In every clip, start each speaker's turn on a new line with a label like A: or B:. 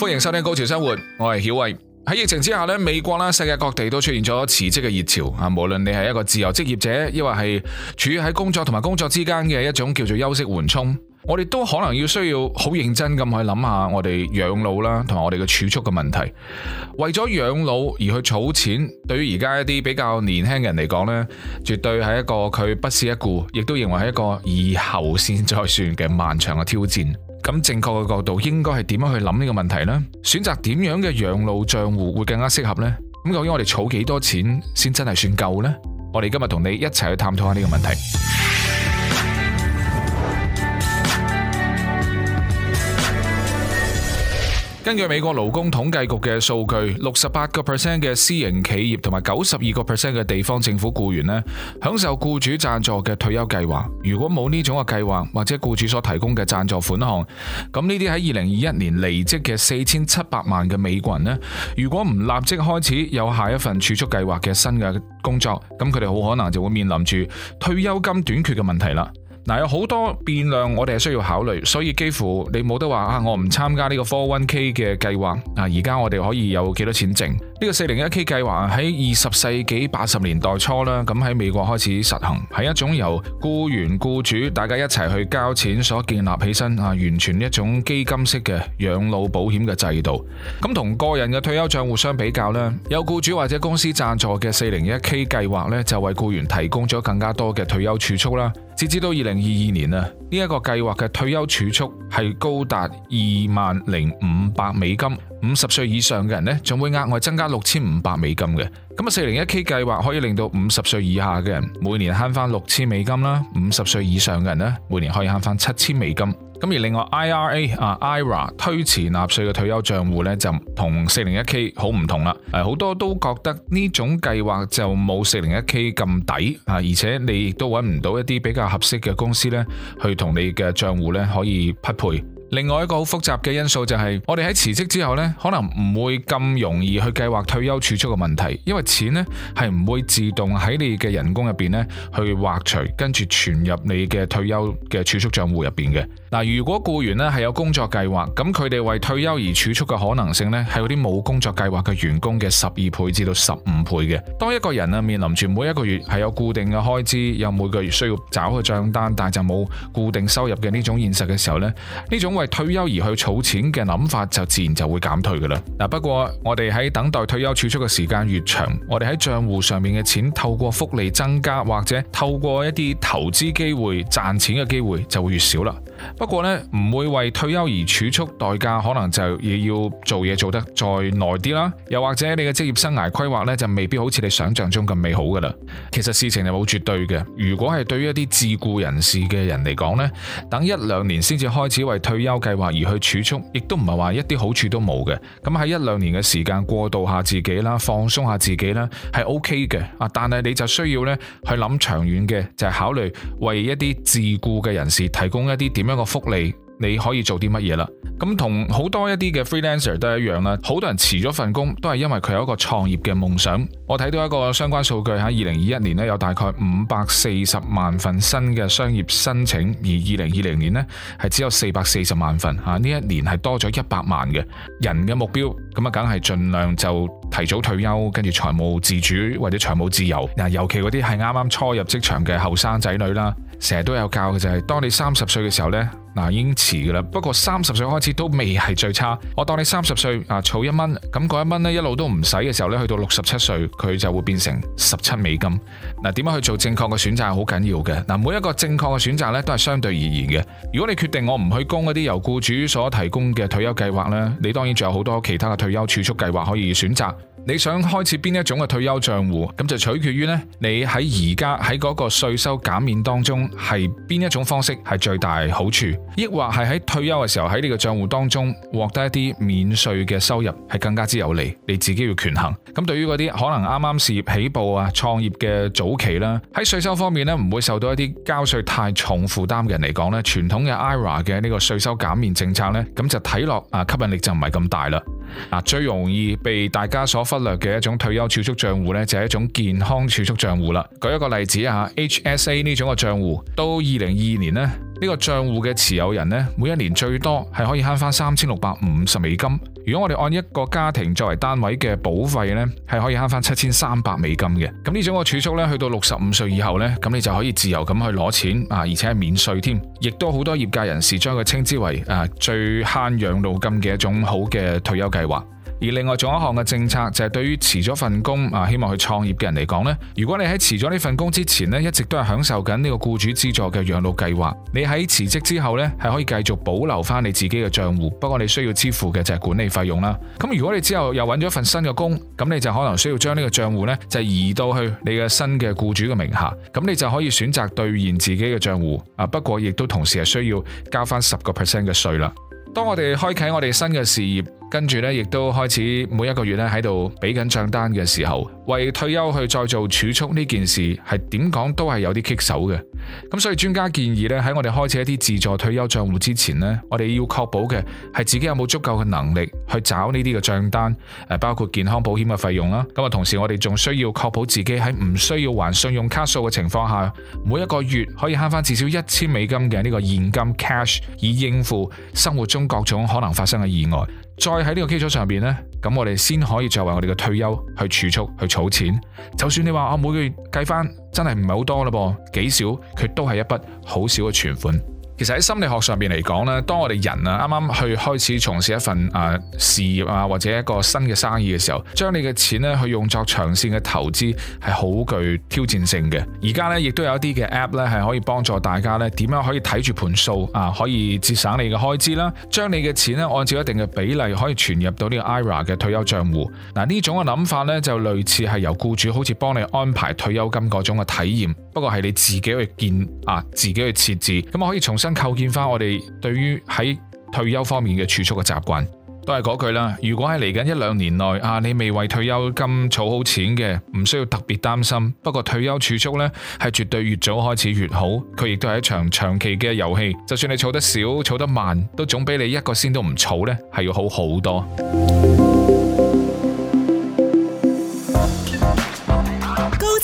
A: 歡迎收聽《高潮生活》，我係曉慧。喺疫情之下呢，美國啦，世界各地都出現咗辭職嘅熱潮。啊，無論你係一個自由職業者，亦或係處於喺工作同埋工作之間嘅一種叫做休息緩衝，我哋都可能要需要好認真咁去諗下我哋養老啦，同埋我哋嘅儲蓄嘅問題。為咗養老而去儲錢，對於而家一啲比較年輕人嚟講呢，絕對係一個佢不屑一顧，亦都認為係一個以後先再算嘅漫長嘅挑戰。咁正確嘅角度應該係點樣去諗呢個問題呢？選擇點樣嘅養老帳戶會更加適合呢？咁究竟我哋儲幾多錢先真係算夠呢？我哋今日同你一齊去探討下呢個問題。根據美國勞工統計局嘅數據，六十八個 percent 嘅私營企業同埋九十二個 percent 嘅地方政府僱員呢，享受僱主贊助嘅退休計劃。如果冇呢種嘅計劃或者僱主所提供嘅贊助款項，咁呢啲喺二零二一年離職嘅四千七百萬嘅美國人呢，如果唔立即開始有下一份儲蓄計劃嘅新嘅工作，咁佢哋好可能就會面臨住退休金短缺嘅問題啦。嗱，有好多變量，我哋係需要考慮，所以幾乎你冇得話啊！我唔參加呢個 401k 嘅計劃啊！而家我哋可以有幾多錢剩？呢個四零一 k 計劃喺二十世紀八十年代初啦，咁喺美國開始實行，係一種由僱員、僱主大家一齊去交錢所建立起身啊，完全一種基金式嘅養老保險嘅制度。咁同個人嘅退休帳戶相比較呢，有僱主或者公司贊助嘅四零一 k 計劃呢，就為僱員提供咗更加多嘅退休儲蓄啦。截至到二零二二年啊，呢、這、一個計劃嘅退休儲蓄係高達二萬零五百美金，五十歲以上嘅人咧，仲會額外增加六千五百美金嘅。咁啊，四零一 K 計劃可以令到五十歲以下嘅人每年慳翻六千美金啦，五十歲以上嘅人咧，每年可以慳翻七千美金。咁而另外 IRA 啊 IRA 推遲納稅嘅退休帳戶咧，就同四零一 K 好唔同啦。誒、啊、好多都覺得呢種計劃就冇四零一 K 咁抵啊，而且你亦都揾唔到一啲比較合適嘅公司咧，去同你嘅帳戶咧可以匹配，另外一個好複雜嘅因素就係，我哋喺辭職之後呢，可能唔會咁容易去計劃退休儲蓄嘅問題，因為錢呢係唔會自動喺你嘅人工入邊呢去劃除，跟住存入你嘅退休嘅儲蓄帳戶入邊嘅。嗱，如果僱員呢係有工作計劃，咁佢哋為退休而儲蓄嘅可能性呢，係嗰啲冇工作計劃嘅員工嘅十二倍至到十五倍嘅。當一個人啊面臨住每一個月係有固定嘅開支，有每個月需要找嘅帳單，但係就冇固定收入嘅呢種現實嘅時候呢，呢種，因為退休而去儲錢嘅諗法就自然就會減退噶啦。嗱，不過我哋喺等待退休儲蓄嘅時間越長，我哋喺賬戶上面嘅錢透過複利增加，或者透過一啲投資機會賺錢嘅機會就會越少啦。不過呢，唔會為退休而儲蓄代價，可能就要做嘢，做得再耐啲啦。又或者你嘅職業生涯規劃呢，就未必好似你想象中咁美好㗎啦。其實事情係冇絕對嘅。如果係對於一啲自僱人士嘅人嚟講呢，等一兩年先至開始為退休計劃而去儲蓄，亦都唔係話一啲好處都冇嘅。咁喺一兩年嘅時間過渡下自己啦，放鬆下自己啦，係 O K 嘅啊。但係你就需要呢，去諗長遠嘅，就係、是、考慮為一啲自僱嘅人士提供一啲點。一個福利，你可以做啲乜嘢啦？咁同好多一啲嘅 freelancer 都一樣啦。好多人辭咗份工，都係因為佢有一個創業嘅夢想。我睇到一個相關數據吓，二零二一年呢，有大概五百四十萬份新嘅商業申請，而二零二零年呢，係只有四百四十萬份吓，呢一年係多咗一百萬嘅人嘅目標。咁啊，梗係盡量就提早退休，跟住財務自主或者財務自由。嗱，尤其嗰啲係啱啱初入職場嘅後生仔女啦。成日都有教嘅就係，當你三十歲嘅時候呢，嗱已經遲噶啦。不過三十歲開始都未係最差。我當你三十歲啊，儲一蚊，咁嗰一蚊呢一路都唔使嘅時候呢，去到六十七歲佢就會變成十七美金。嗱，點樣去做正確嘅選擇係好緊要嘅。嗱，每一個正確嘅選擇呢，都係相對而言嘅。如果你決定我唔去供嗰啲由僱主所提供嘅退休計劃呢，你當然仲有好多其他嘅退休儲蓄計劃可以選擇。你想開始邊一種嘅退休賬戶，咁就取決於咧，你喺而家喺嗰個稅收減免當中係邊一種方式係最大好處，亦或係喺退休嘅時候喺呢個賬戶當中獲得一啲免稅嘅收入係更加之有利，你自己要權衡。咁對於嗰啲可能啱啱事業起步啊、創業嘅早期啦，喺稅收方面咧唔會受到一啲交稅太重負擔嘅人嚟講咧，傳統嘅 IRA 嘅呢個稅收減免政策呢，咁就睇落啊吸引力就唔係咁大啦。最容易被大家所忽略嘅一種退休儲蓄賬戶咧，就係一種健康儲蓄賬戶啦。舉一個例子啊，HSA 呢種嘅賬戶，到二零二二年呢，呢、呢個賬戶嘅持有人呢，每一年最多係可以慳翻三千六百五十美金。如果我哋按一個家庭作為單位嘅保費呢，係可以慳翻七千三百美金嘅。咁呢種個儲蓄呢，去到六十五歲以後呢，咁你就可以自由咁去攞錢啊，而且係免稅添。亦都好多業界人士將佢稱之為誒、啊、最慳養老金嘅一種好嘅退休計劃。而另外仲有一項嘅政策，就係對於辭咗份工啊，希望去創業嘅人嚟講咧，如果你喺辭咗呢份工之前咧，一直都係享受緊呢個雇主資助嘅養老計劃，你喺辭職之後咧，係可以繼續保留翻你自己嘅帳戶，不過你需要支付嘅就係管理費用啦。咁如果你之後又揾咗一份新嘅工，咁你就可能需要將呢個帳戶呢就移到去你嘅新嘅雇主嘅名下，咁你就可以選擇兌現自己嘅帳戶啊。不過亦都同時係需要交翻十個 percent 嘅稅啦。當我哋開啟我哋新嘅事業。跟住咧，亦都開始每一個月咧喺度俾緊帳單嘅時候，為退休去再做儲蓄呢件事係點講都係有啲棘手嘅。咁所以專家建議咧，喺我哋開始一啲自助退休帳戶之前呢，我哋要確保嘅係自己有冇足夠嘅能力去找呢啲嘅帳單，誒包括健康保險嘅費用啦。咁啊，同時我哋仲需要確保自己喺唔需要還信用卡數嘅情況下，每一個月可以慳返至少一千美金嘅呢個現金 cash，以應付生活中各種可能發生嘅意外。再喺呢個基礎上邊呢，咁我哋先可以作為我哋嘅退休去儲蓄去儲錢。就算你話我每個月計翻，真係唔係好多嘞噃，幾少，佢都係一筆好少嘅存款。其實喺心理學上面嚟講咧，當我哋人啊啱啱去開始從事一份啊、呃、事業啊，或者一個新嘅生意嘅時候，將你嘅錢咧去用作長線嘅投資係好具挑戰性嘅。而家咧亦都有一啲嘅 App 咧係可以幫助大家咧點樣可以睇住盤數啊，可以節省你嘅開支啦，將你嘅錢咧按照一定嘅比例可以存入到呢個 IRA 嘅退休帳戶。嗱、啊、呢種嘅諗法咧就類似係由僱主好似幫你安排退休金嗰種嘅體驗。不過係你自己去建啊，自己去設置咁，我可以重新構建翻我哋對於喺退休方面嘅儲蓄嘅習慣。都係嗰句啦，如果喺嚟緊一兩年內啊，你未為退休金儲好錢嘅，唔需要特別擔心。不過退休儲蓄呢，係絕對越早開始越好，佢亦都係一場長期嘅遊戲。就算你儲得少，儲得慢，都總比你一個先都唔儲呢，係要好好多。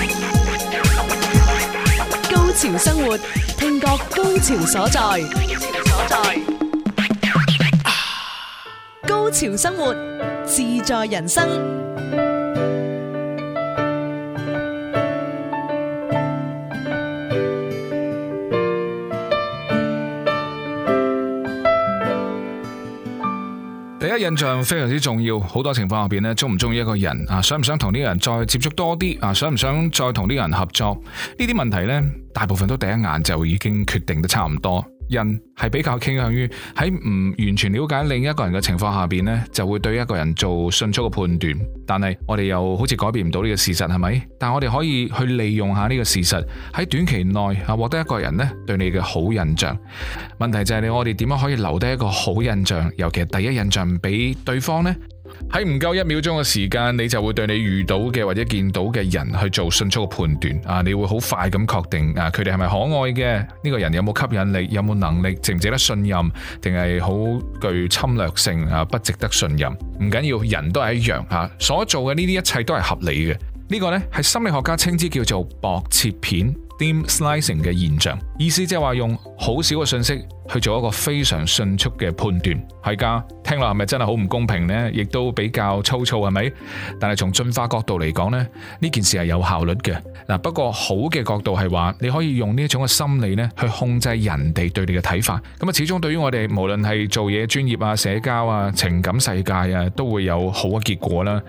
A: 高潮生活，聽覺高潮所在。高潮所在。高潮生活，自在人生。印象非常之重要，好多情況下邊咧鍾唔鍾意一個人啊，想唔想同啲人再接觸多啲啊，想唔想再同啲人合作？呢啲問題咧，大部分都第一眼就已經決定得差唔多。人係比較傾向於喺唔完全了解另一個人嘅情況下邊呢，就會對一個人做迅速嘅判斷。但係我哋又好似改變唔到呢個事實，係咪？但係我哋可以去利用下呢個事實，喺短期內啊獲得一個人咧對你嘅好印象。問題就係你我哋點樣可以留低一個好印象，尤其係第一印象俾對方呢？喺唔夠一秒鐘嘅時間，你就會對你遇到嘅或者見到嘅人去做迅速嘅判斷啊！你會好快咁確定啊，佢哋係咪可愛嘅？呢、這個人有冇吸引力，有冇能力，值唔值得信任，定係好具侵略性啊？不值得信任。唔緊要，人都係一樣啊！所做嘅呢啲一切都係合理嘅。呢、這個呢係心理學家稱之叫做薄切片 d i m slicing） 嘅現象，意思即係話用好少嘅信息。去做一個非常迅速嘅判斷係噶聽落係咪真係好唔公平呢？亦都比較粗糙係咪？但係從進化角度嚟講呢，呢件事係有效率嘅嗱。不過好嘅角度係話，你可以用呢種嘅心理咧去控制人哋對你嘅睇法。咁啊，始終對於我哋無論係做嘢、專業啊、社交啊、情感世界啊，都會有好嘅結果啦。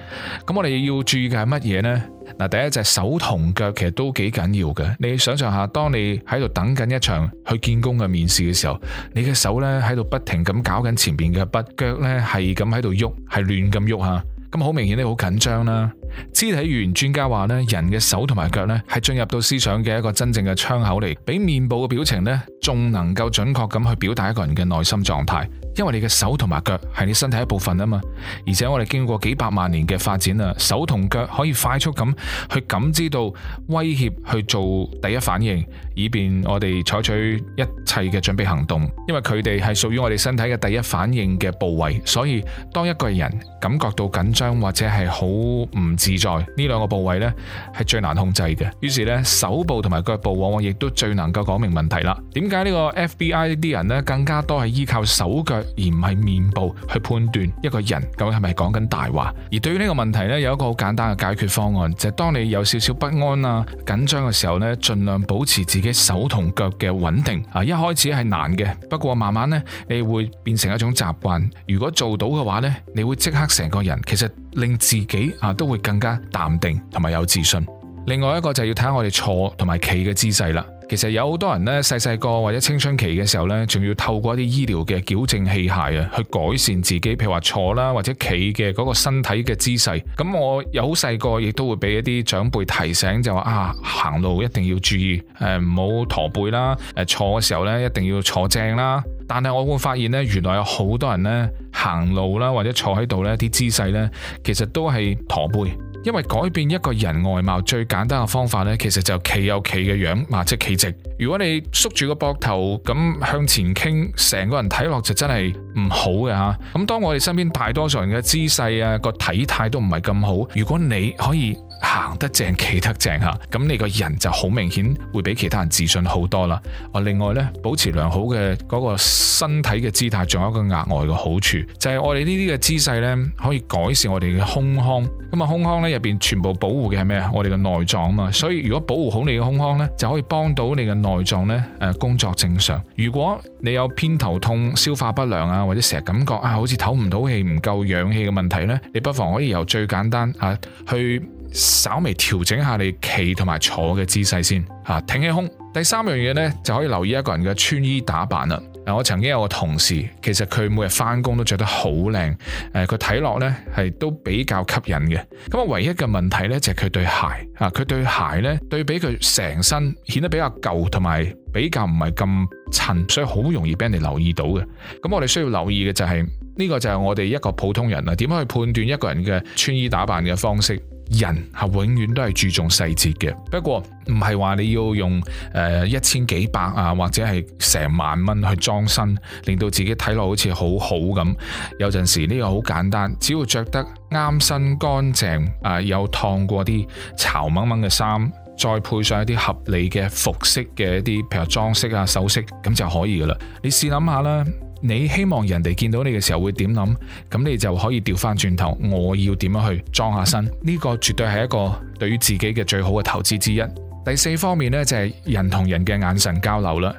A: 咁我哋要注意嘅係乜嘢呢？嗱，第一隻手同腳其實都幾緊要嘅。你想象下，當你喺度等緊一場去見工嘅面試嘅時候。你嘅手咧喺度不停咁搞緊前邊嘅筆，腳咧係咁喺度喐，係亂咁喐吓，咁好明顯咧好緊張啦。肢體語言專家話咧，人嘅手同埋腳咧係進入到思想嘅一個真正嘅窗口嚟，比面部嘅表情咧。仲能夠準確咁去表達一個人嘅內心狀態，因為你嘅手同埋腳係你身體一部分啊嘛，而且我哋經過幾百萬年嘅發展啦，手同腳可以快速咁去感知到威脅，去做第一反應，以便我哋採取一切嘅準備行動。因為佢哋係屬於我哋身體嘅第一反應嘅部位，所以當一個人感覺到緊張或者係好唔自在，呢兩個部位呢係最難控制嘅，於是呢，手部同埋腳部往往亦都最能夠講明問題啦。點解呢個 FBI 呢啲人呢，更加多係依靠手腳而唔係面部去判斷一個人究竟係咪講緊大話。而對於呢個問題呢，有一個好簡單嘅解決方案，就係當你有少少不安啊緊張嘅時候呢，盡量保持自己手同腳嘅穩定。啊，一開始係難嘅，不過慢慢呢，你會變成一種習慣。如果做到嘅話呢，你會即刻成個人，其實令自己啊都會更加淡定同埋有自信。另外一個就要睇下我哋坐同埋企嘅姿勢啦。其實有好多人呢，細細個或者青春期嘅時候呢，仲要透過一啲醫療嘅矯正器械啊，去改善自己，譬如話坐啦或者企嘅嗰個身體嘅姿勢。咁我有好細個，亦都會俾一啲長輩提醒，就話啊，行路一定要注意，誒唔好駝背啦，誒、啊、坐嘅時候呢，一定要坐正啦。但係我會發現呢，原來有好多人呢，行路啦或者坐喺度呢啲姿勢呢，其實都係駝背。因為改變一個人外貌最簡單嘅方法呢，其實就係企有企嘅樣，或者企直。如果你縮住個膊頭咁向前傾，成個人睇落就真係唔好嘅吓。咁當我哋身邊大多數人嘅姿勢啊，個體態都唔係咁好，如果你可以。行得正，企得正吓，咁你個人就好明顯會比其他人自信好多啦。哦，另外咧，保持良好嘅嗰個身體嘅姿態，仲有一個額外嘅好處就係我哋呢啲嘅姿勢呢，可以改善我哋嘅胸腔。咁啊，胸腔呢入邊全部保護嘅係咩啊？我哋嘅內臟啊嘛，所以如果保護好你嘅胸腔呢，就可以幫到你嘅內臟咧誒工作正常。如果你有偏頭痛、消化不良啊，或者成日感覺啊好似唞唔到氣、唔夠氧氣嘅問題呢，你不妨可以由最簡單啊去。稍微調整下你企同埋坐嘅姿勢先，啊，挺起胸。第三樣嘢呢，就可以留意一個人嘅穿衣打扮啦。嗱，我曾經有個同事，其實佢每日返工都着得好靚，誒、啊，佢睇落呢係都比較吸引嘅。咁啊，唯一嘅問題呢，就係、是、佢對鞋，啊，佢對鞋呢，對比佢成身顯得比較舊，同埋比較唔係咁襯，所以好容易俾人哋留意到嘅。咁、啊嗯、我哋需要留意嘅就係、是、呢、這個就係我哋一個普通人啦，點樣、啊、去判斷一個人嘅穿衣打扮嘅方式。人係永遠都係注重細節嘅，不過唔係話你要用誒、呃、一千幾百啊，或者係成萬蚊去裝身，令到自己睇落好似好好咁。有陣時呢、呢個好簡單，只要着得啱身、乾淨啊，有、呃、燙過啲潮掹掹嘅衫，再配上一啲合理嘅服飾嘅一啲，譬如裝飾啊、首飾，咁就可以噶啦。你試諗下啦～你希望人哋見到你嘅時候會點諗？咁你就可以調翻轉頭，我要點樣去裝下身？呢個絕對係一個對於自己嘅最好嘅投資之一。第四方面呢，就係人同人嘅眼神交流啦。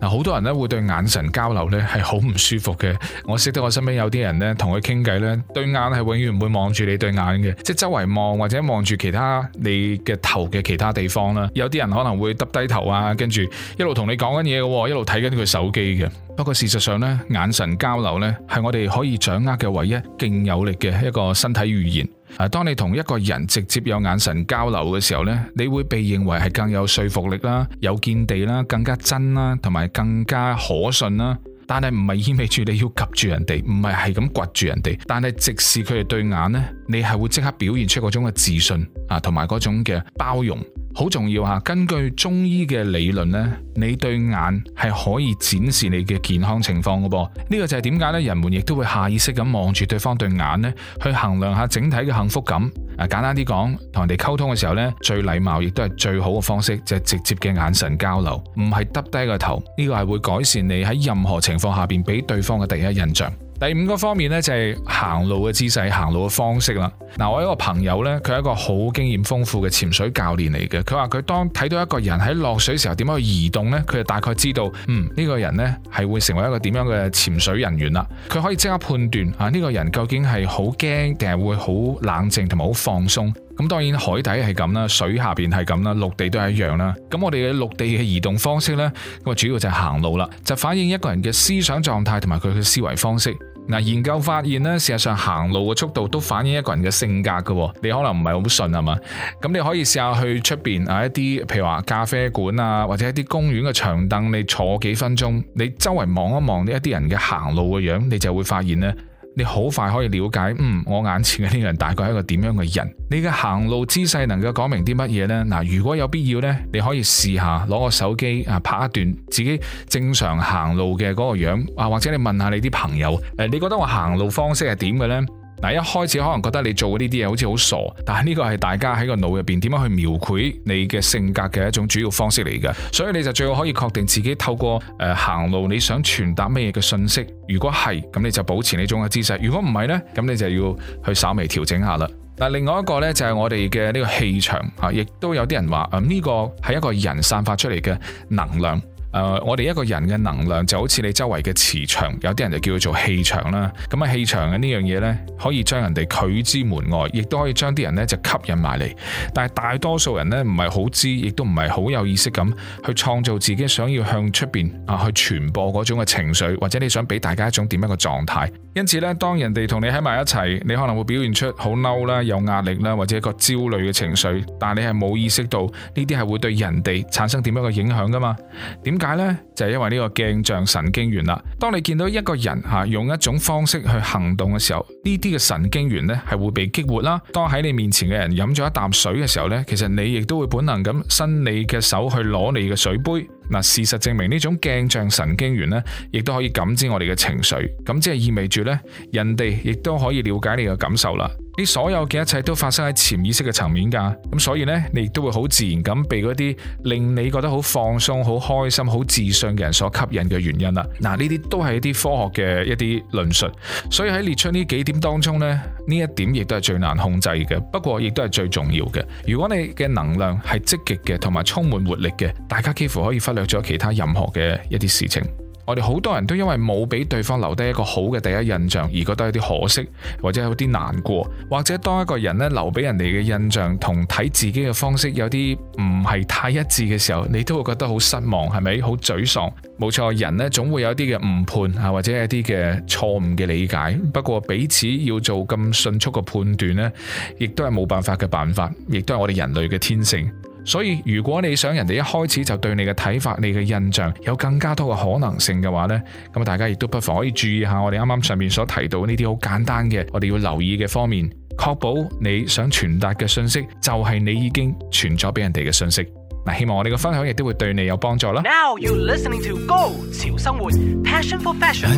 A: 嗱，好多人呢，會對眼神交流呢係好唔舒服嘅。我識得我身邊有啲人呢，同佢傾偈呢，對眼係永遠唔會望住你對眼嘅，即係周圍望或者望住其他你嘅頭嘅其他地方啦。有啲人可能會耷低頭啊，跟住一路同你講緊嘢嘅，一路睇緊佢手機嘅。不過事實上呢，眼神交流呢係我哋可以掌握嘅唯一勁有力嘅一個身體語言。啊！當你同一個人直接有眼神交流嘅時候呢，你會被認為係更有說服力啦、有見地啦、更加真啦，同埋更加可信啦。但係唔係意味住你要及住人哋，唔係係咁掘住人哋，但係直視佢哋對眼呢，你係會即刻表現出嗰種嘅自信啊，同埋嗰種嘅包容。好重要吓，根據中醫嘅理論咧，你對眼係可以展示你嘅健康情況嘅噃。呢個就係點解咧？人們亦都會下意識咁望住對方對眼咧，去衡量下整體嘅幸福感。啊，簡單啲講，同人哋溝通嘅時候咧，最禮貌亦都係最好嘅方式，就係直接嘅眼神交流，唔係耷低個頭。呢個係會改善你喺任何情況下邊俾對方嘅第一印象。第五個方面咧就係行路嘅姿勢、行路嘅方式啦。嗱，我一個朋友呢，佢係一個好經驗豐富嘅潛水教練嚟嘅。佢話佢當睇到一個人喺落水嘅時候點樣去移動呢，佢就大概知道，嗯，呢個人呢係會成為一個點樣嘅潛水人員啦。佢可以即刻判斷啊，呢個人究竟係好驚定係會好冷靜同埋好放鬆。咁當然海底係咁啦，水下邊係咁啦，陸地都係一樣啦。咁我哋嘅陸地嘅移動方式呢，咁啊主要就係行路啦，就反映一個人嘅思想狀態同埋佢嘅思維方式。嗱，研究發現咧，事實上行路嘅速度都反映一個人嘅性格㗎，你可能唔係好信吖嘛？咁你可以試下去出邊啊，一啲譬如話咖啡館啊，或者一啲公園嘅長凳，你坐幾分鐘，你周圍望一望呢一啲人嘅行路嘅樣，你就會發現呢。你好快可以了解，嗯，我眼前嘅呢個人大概係一個點樣嘅人？你嘅行路姿勢能夠講明啲乜嘢呢？嗱，如果有必要呢，你可以試下攞個手機啊，拍一段自己正常行路嘅嗰個樣啊，或者你問下你啲朋友，誒，「你覺得我行路方式係點嘅呢？」嗱，一開始可能覺得你做呢啲嘢好似好傻，但係呢個係大家喺個腦入邊點樣去描繪你嘅性格嘅一種主要方式嚟嘅，所以你就最好可以確定自己透過誒行路你想傳達咩嘢嘅信息，如果係咁你就保持呢種嘅姿勢，如果唔係呢，咁你就要去稍微調整下啦。但另外一個呢，就係我哋嘅呢個氣場啊，亦都有啲人話，咁呢個係一個人散發出嚟嘅能量。誒，uh, 我哋一個人嘅能量就好似你周圍嘅磁場，有啲人就叫佢做氣場啦。咁啊，氣場嘅呢樣嘢呢，可以將人哋拒之門外，亦都可以將啲人呢就吸引埋嚟。但係大多數人呢，唔係好知，亦都唔係好有意識咁去創造自己想要向出邊啊去傳播嗰種嘅情緒，或者你想俾大家一種點樣嘅狀態。因此咧，當人哋同你喺埋一齊，你可能會表現出好嬲啦、有壓力啦，或者一個焦慮嘅情緒。但係你係冇意識到呢啲係會對人哋產生點樣嘅影響噶嘛。點解呢？就係、是、因為呢個鏡像神經元啦。當你見到一個人吓用一種方式去行動嘅時候，呢啲嘅神經元呢係會被激活啦。當喺你面前嘅人飲咗一啖水嘅時候呢，其實你亦都會本能咁伸你嘅手去攞你嘅水杯。嗱，事實證明呢種鏡像神經元呢，亦都可以感知我哋嘅情緒，咁即係意味住呢，人哋亦都可以了解你嘅感受啦。呢所有嘅一切都發生喺潛意識嘅層面噶，咁所以呢，你亦都會好自然咁被嗰啲令你覺得好放鬆、好開心、好自信嘅人所吸引嘅原因啦。嗱，呢啲都係一啲科學嘅一啲論述，所以喺列出呢幾點當中呢，呢一點亦都係最難控制嘅，不過亦都係最重要嘅。如果你嘅能量係積極嘅，同埋充滿活力嘅，大家幾乎可以忽略有咗其他任何嘅一啲事情，我哋好多人都因為冇俾對方留低一個好嘅第一印象，而覺得有啲可惜，或者有啲難過，或者當一個人咧留俾人哋嘅印象同睇自己嘅方式有啲唔係太一致嘅時候，你都會覺得好失望，係咪？好沮喪？冇錯，人咧總會有一啲嘅誤判啊，或者一啲嘅錯誤嘅理解。不過彼此要做咁迅速嘅判斷咧，亦都係冇辦法嘅辦法，亦都係我哋人類嘅天性。所以如果你想人哋一開始就對你嘅睇法、你嘅印象有更加多嘅可能性嘅話呢，咁大家亦都不妨可以注意下我哋啱啱上面所提到呢啲好簡單嘅，我哋要留意嘅方面，確保你想傳達嘅信息就係你已經傳咗俾人哋嘅信息。嗱，希望我哋嘅分享亦都會對你有幫助啦。Now you listening to go 潮生活，passion for fashion。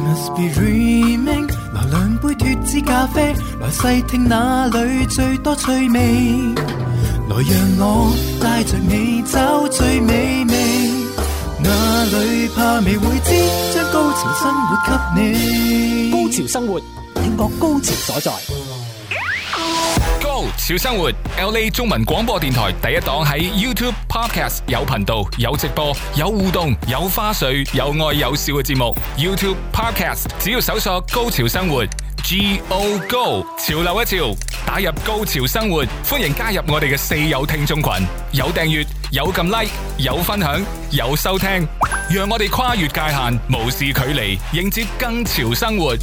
A: 來讓我帶着你找最美味，哪裏怕未會知？將高潮生活給你。高,高,高潮生活，聽我高潮所在。高潮生活，LA 中文廣播電台第一檔，喺 YouTube Podcast 有頻道、有直播、有互動、有花絮、有愛有笑嘅節目。YouTube Podcast 只要搜索“高潮生活”。G O Go，潮流一潮，打入高潮生活，歡迎加入我哋嘅四友聽眾群，有訂閱，有撳 Like，有分享，有收聽，讓我哋跨越界限，無視距離，迎接更潮生活。